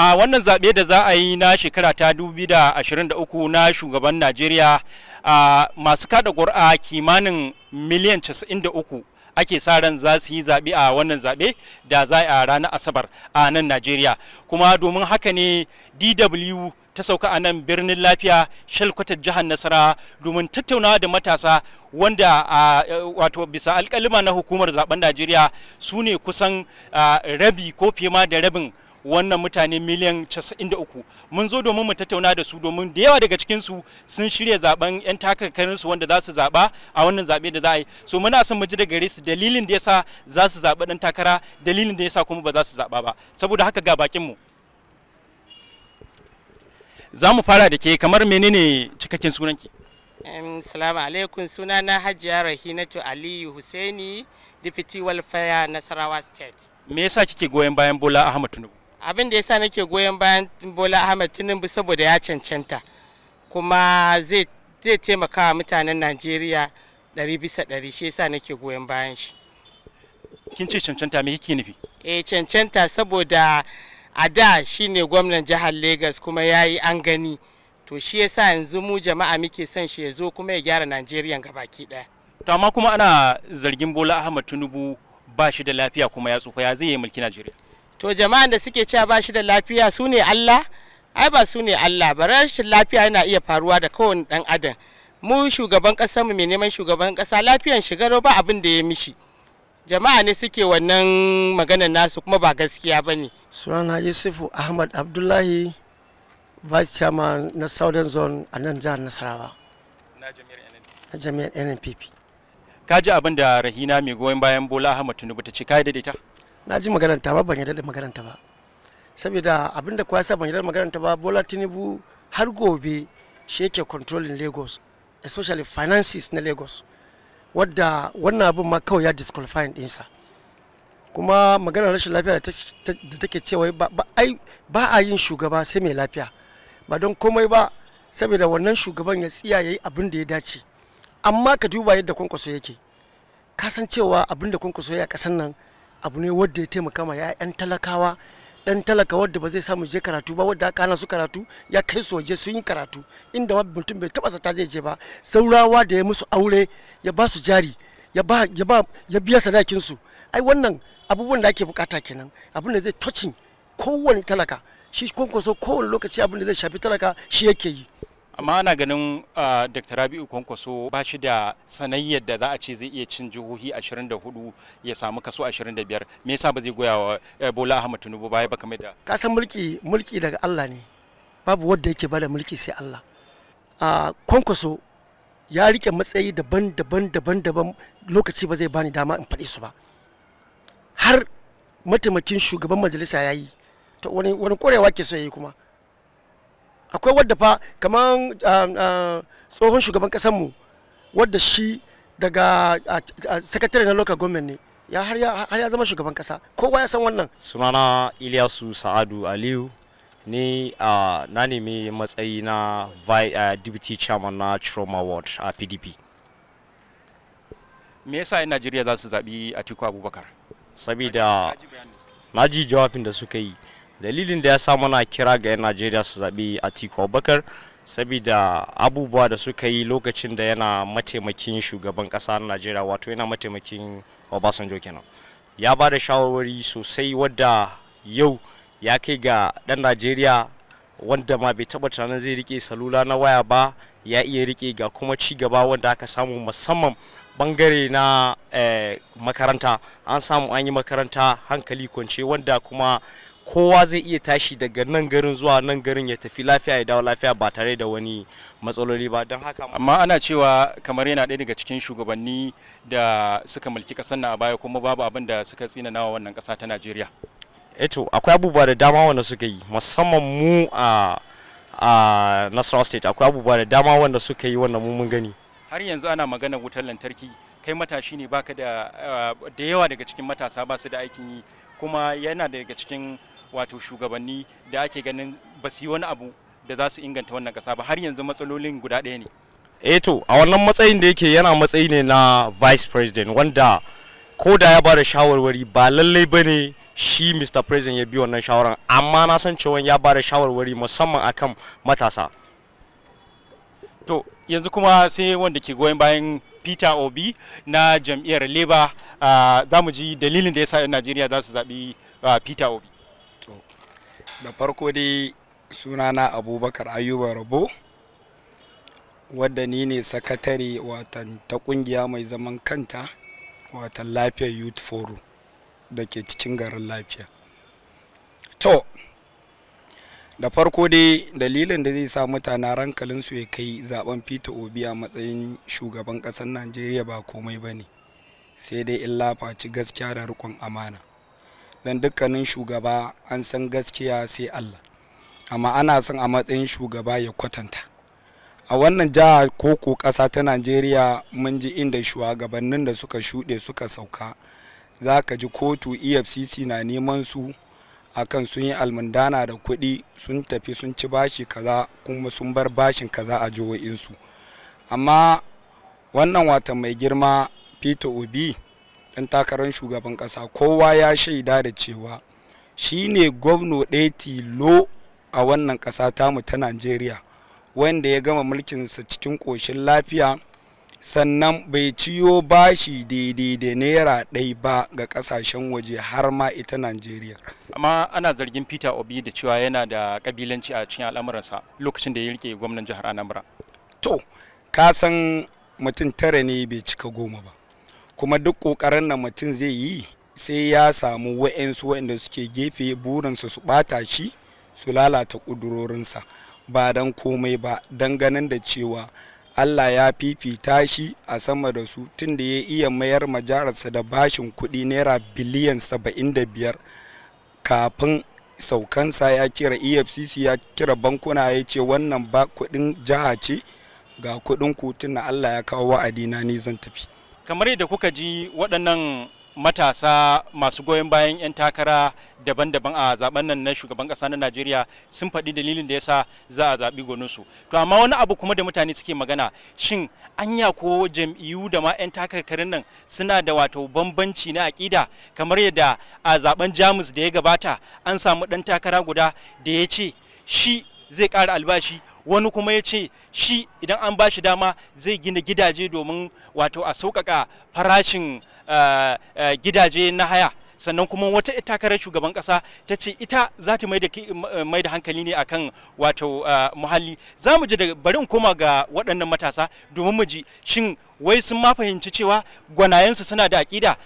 a wannan zaɓe da za a yi na shekara ta 2023 na shugaban najeriya a masu kada ƙuri'a kimanin miliyan 93 ake sa ran za su yi zaɓe a wannan zaɓe da za a ranar asabar a nan najeriya kuma domin haka ne dw ta sauka a nan birnin lafiya shalkwatar jihar nasara domin tattaunawa da matasa wanda a, wato bisa alkalima na hukumar zaben najeriya su ne kusan rabi ko fiye ma da rabin wannan mutane miliyan 93 mun zo domin mu tattauna da su domin da yawa daga cikinsu sun shirya zaben 'yan su wanda za su zaɓa a wannan zaɓe da za a yi so muna son mu ji daga gare su dalilin da yasa za su zaba ɗan takara dalilin da yasa kuma ba za su zaɓa ba saboda haka ga mu. za mu fara da ke kamar menene cikakken sunanki assalamu alaikum suna na hajiya rahinatu aliyu husaini deputy welfare nasarawa state me yasa kike goyon bayan bola ahmad tinubu abin da yasa nake goyon bayan bola ahmed tinubu saboda ya cancanta kuma zai taimaka wa mutanen najeriya ɗari bisa ɗari shi yasa nake goyon bayan shi kin ce cancanta me yake nufi eh cancanta saboda a da shine gwamnan jihar lagos kuma ya yi an gani to shi yasa yanzu mu jama'a muke son shi ya zo kuma ya gyara najeriya baki ɗaya to amma kuma ana zargin bola ahmed tinubu ba shi da lafiya kuma ya tsufa ya zai yi mulki najeriya to jama'an da suke cewa ba shi da lafiya su ne allah ai ba su ne allah ba rashin lafiya yana iya faruwa da kowane dan adam mu shugaban kasa mu mai neman shugaban kasa lafiyan shigaro ba abin da ya mishi jama'a ne suke wannan magana nasu kuma ba gaskiya ba ne sunana yusufu ahmad abdullahi vice chairman na southern zone a nan jihar nasarawa na jami'ar nnpp ka ji abin da rahina mai goyon bayan bola ahmad tinubu ta ce ka daidaita na ji magananta ba ban yarda da magananta ba saboda abinda kuwa sa ban yarda da magananta ba bola tinubu har gobe shi yake controlling lagos especially finances na lagos wadda wannan abin ma kawai ya din dinsa kuma maganar rashin lafiya da take cewa ba a yin shugaba sai mai lafiya ba don komai ba saboda wannan shugaban ya tsiya ya yi abin da ya dace amma ka duba yadda kwankwaso yake kasancewa abin da kwankwaso ya kasan nan abu ne wadda ya taimaka ma 'ya'yan talakawa dan talaka wadda ba zai samu je karatu ba wadda aka hana su karatu ya kai su waje sun yi karatu inda ma mutum bai taba sata zai je ba saurawa da ya musu aure ya ba su jari ya ba ya biya sadakin su ai wannan abubuwan da ake bukata kenan abin da zai touching kowane talaka shi kwankwaso kowane lokaci abin da zai shafi talaka shi yake yi amma ana ganin dr rabi'u kwankwaso ba shi da sanayyar da za a ce zai iya cin jihohi 24 ya samu kaso 25 me yasa ba zai goya wa eh, bola ahmad tinubu ya ba kamar da kasan mulki mulki daga allah ne babu wanda yake bada mulki sai allah a kwankwaso ya rike matsayi daban-daban daban-daban lokaci ba zai bani dama in faɗi su ba har mataimakin shugaban majalisa ya yi wani kwarewa ke so ya yi kuma akwai wadda fa kamar ah, ah, tsohon shugaban mu wadda shi daga ah, sakatare na local government ne ya har ya zama shugaban kasa kowa ya san wannan sunana iliyasu sa'adu aliyu ni na nemi matsayi na deputy chairman na trauma ward a pdp me yasa 'yan najeriya za su zaɓi atiku abubakar sabida na ji jawabin da suka yi dalilin da ya sa mana kira ga 'yan najeriya su zaɓi atiku abubakar sabida abubuwa da suka yi lokacin da yana mataimakin shugaban ƙasa na najeriya wato yana mataimakin obasanjo kenan ya ba da shawarwari sosai wadda yau ya kai ga ɗan najeriya wanda ma bai taɓa tunanin zai rike salula na waya ba ya iya rike ga kuma ci gaba wanda aka samu musamman bangare na eh, makaranta an samu an yi makaranta hankali kwance wanda kuma kowa zai iya tashi daga nan garin zuwa nan garin ya tafi lafiya ya dawo lafiya ba tare da wani matsaloli ba don haka amma ana cewa kamar yana ɗaya daga cikin shugabanni da suka mulki ƙasar na a baya kuma babu abin da suka tsina nawa wannan ƙasa ta Najeriya eto eh akwai abubuwa da dama wanda suka yi musamman mu a a Nasarawa state akwai abubuwa da dama wanda suka yi wannan mun gani har yanzu ana magana wutar lantarki kai matashi ne baka da eh, da yawa daga cikin matasa ba su da aikin yi kuma yana daga cikin wato shugabanni da ake ganin ba su yi wani abu da za su inganta wannan kasa ba har yanzu matsalolin guda ɗaya ne eh to a wannan matsayin da yake yana matsayi ne na vice president wanda ko da ya ba da shawarwari ba lallai ba ne shi mr president ya bi wannan shawaran amma na san cewa ya ba da shawarwari musamman akan matasa to yanzu kuma sai wanda ke goyon bayan peter obi na jam'iyyar labour ah, za mu ji dalilin da ya sa 'yan najeriya za su zaɓi ah, peter obi da farko dai sunana abubakar ayuba rabo wadda ni ne sakatare watan ta kungiya mai zaman kanta watan lafiya youth forum da ke cikin garin lafiya to da farko dai dalilin da zai sa mutane rankalinsu ya kai zaben peter obi a matsayin shugaban ƙasar najeriya ba komai ba ne sai dai in lafaci gaskiya da rikon amana don dukkanin shugaba an san gaskiya sai allah amma ana son a matsayin shugaba ya kwatanta a wannan jiha koko ƙasa ta najeriya mun ji inda shugabannin da suka shuɗe suka sauka za ji kotu efcc na neman su akan sun yi almundana da kuɗi sun tafi sun ci bashi kaza kuma sun bar bashin kaza a jihohinsu amma wannan wata mai girma peter obi ɗan takarar shugaban ƙasa kowa ya shaida da cewa shi ne gwamno ɗaya tilo a wannan ƙasa tamu ta najeriya wanda ya gama mulkinsa cikin ƙoshin lafiya sannan bai ciyo bashi daidai da naira ɗai ba ga ƙasashen waje har ma ita najeriya amma ana zargin peter obi da cewa yana da kabilanci a cikin al'amuransa lokacin da ya rike gwamnan jihar anambra to ka san mutum tara ne bai cika goma ba kuma duk ƙoƙarin da mutum zai yi sai ya samu wa'yansu wa'yanda suke gefe burinsa su ɓata shi su lalata ƙudurorinsa ba don komai ba don ganin da cewa Allah ya fifita shi a sama da su tun da ya iya mayar majararsa da bashin kuɗi naira biliyan saba'in da biyar kafin saukansa ya kira efcc ya kira bankuna ya ce wannan ba kuɗin jiha ce ga kuɗin kotun na Allah ya kawo wa'adina ni zan tafi. kamar yadda kuka ji waɗannan matasa masu goyon bayan 'yan takara daban-daban a zaben nan na shugaban ƙasa na Najeriya sun faɗi dalilin da yasa za a zaɓi su To amma wani abu kuma da mutane suke magana shin anya ko jam'iyyu da ma 'yan takarkarin nan suna da wato bambanci na aƙida kamar yadda a zaben Jamus da ya gabata an samu ɗan takara guda da ya ce shi zai ƙara albashi wani kuma ya ce shi idan an ba shi dama zai gina gidaje domin wato a sauƙaƙa farashin eh, eh, gidaje na haya sannan kuma wata takarar shugaban kasa ta ce ita za ta mai da eh, hankali ne akan wato muhalli za mu ji da bari in koma ga waɗannan matasa domin mu ji shin wai sun ma fahimci cewa gwanayensu suna da aƙida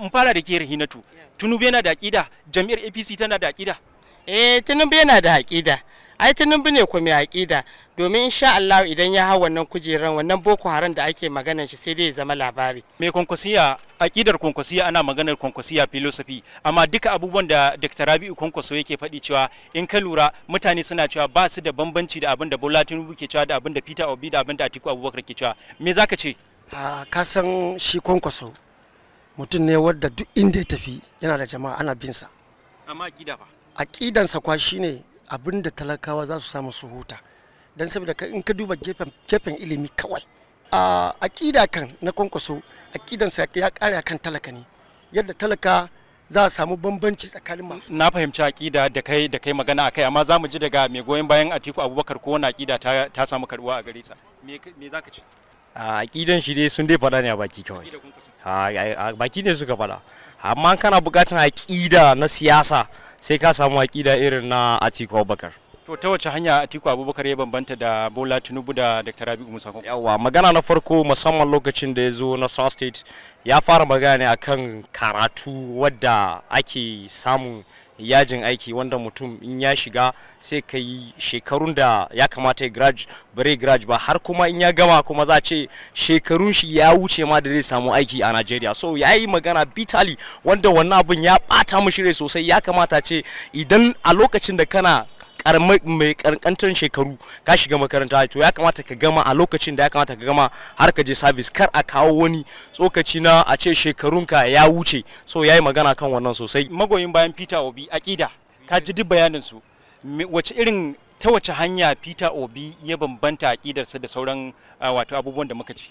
in fara da ke rahinatu tunubu yana da aƙida jam'iyyar apc tana da aƙida eh tunubu yana da aƙida ai tinubu ne kuma ya ƙida, domin insha Allah idan ya hau wannan kujeran wannan boko haram da ake maganar shi sai dai ya zama labari me konkwasiya aƙidar kwankwasiya ana maganar kwankwasiya philosophy amma duka abubuwan da Dr. Rabi'u Kwankwaso yake faɗi cewa in ka lura mutane suna cewa ba su da bambanci da abin da Bola Tinubu ke cewa da abin da Peter Obi da abin da Atiku Abubakar ke cewa me zaka ce ka san shi Kwankwaso mutum ne wadda duk inda ya tafi yana da jama'a ana bin sa amma aƙida fa aƙidansa kwa shine abin da talakawa za su samu su huta don saboda in ka duba gefen ilimi kawai a aƙida kan na kwankwaso aƙidansa ya kare kan talaka ne yadda talaka za a samu bambanci tsakanin masu na fahimci aƙida da kai da kai magana akai amma za mu ji daga mai goyon bayan atiku abubakar ko wani aƙida ta samu karbuwa a gare sa me za ka ce a aƙidan shi dai sun dai faɗa ne a baki kawai a baki ne suka faɗa amma kana buƙatar aƙida na siyasa sai ka samu aƙida irin na Atiku Abubakar. To ta wace hanya Atiku Abubakar ya bambanta da Bola Tinubu da Dr. Rabi'u Musa Yawwa magana na farko musamman lokacin da ya zo na South State ya fara magana ne akan karatu wadda ake samun yajin aiki wanda mutum in ya shiga sai ka yi shekarun da ya kamata ya graj bare graj ba har kuma in ya gama kuma za ce shekarun shi ya wuce ma da zai samu aiki a Najeriya so ya yi magana bitali wanda wannan abin ya bata mishi rai sosai ya kamata ce idan a lokacin da kana mai karkantar shekaru ka shiga makaranta to ya kamata ka gama a lokacin da ya kamata ka gama har ka je service kar a kawo wani tsokaci na a ce shekarunka ya wuce so yayi magana kan wannan sosai magoyin bayan Peter Obi akida ka ji duk bayanin su wace irin ta wace hanya Peter Obi ya bambanta akidarsa da sauran ah, wato abubuwan da muka ci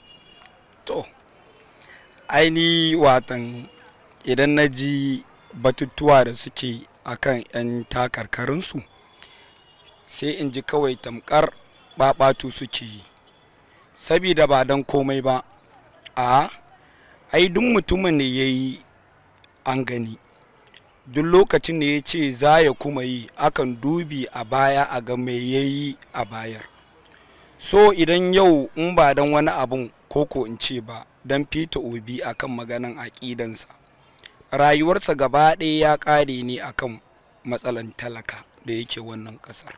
to aini watan idan na ji batutuwa da suke akan 'yan takarkarinsu sai in ji kawai tamkar ɓaɓatu suke yi sabida ba dan komai ba a ai duk mutumin ne ya yi an gani duk lokacin da ya ce za ya kuma yi akan dubi a baya a ga mai ya yi a bayar so idan yau in ba dan wani abun koko in ce ba don fita obi akan maganan aƙidansa rayuwarsa gaba ɗaya ya ƙare ne akan matsalan talaka da yake wannan ƙasar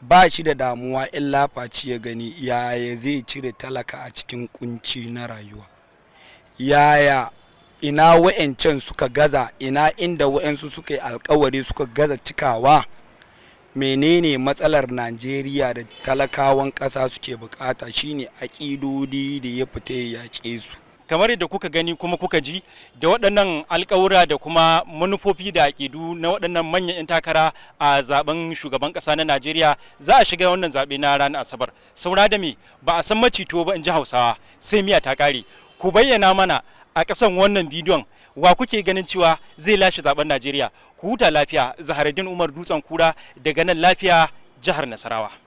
ba shi da damuwa in lafaci ya gani yaya zai cire talaka a cikin kunci na rayuwa yaya ina wa'ancan suka gaza ina inda wayansu suka yi alkawari suka gaza cikawa menene matsalar najeriya da talakawan ƙasa suke bukata shine aƙidodi da ya fita ya yaƙe su kamar yadda kuka gani kuma kuka ji da waɗannan alƙawura da kuma manufofi da aƙidu na waɗannan manyan 'yan takara a zaben shugaban ƙasa na najeriya za a shiga wannan zaɓe na ranar asabar saura da me ba a san macito ba in ji hausawa sai miya ta ƙare ku bayyana mana a ƙasan wannan bidiyon wa kuke ganin cewa zai lashe zaben najeriya ku huta lafiya zaharuddin umar dutsen kura daga nan lafiya jihar nasarawa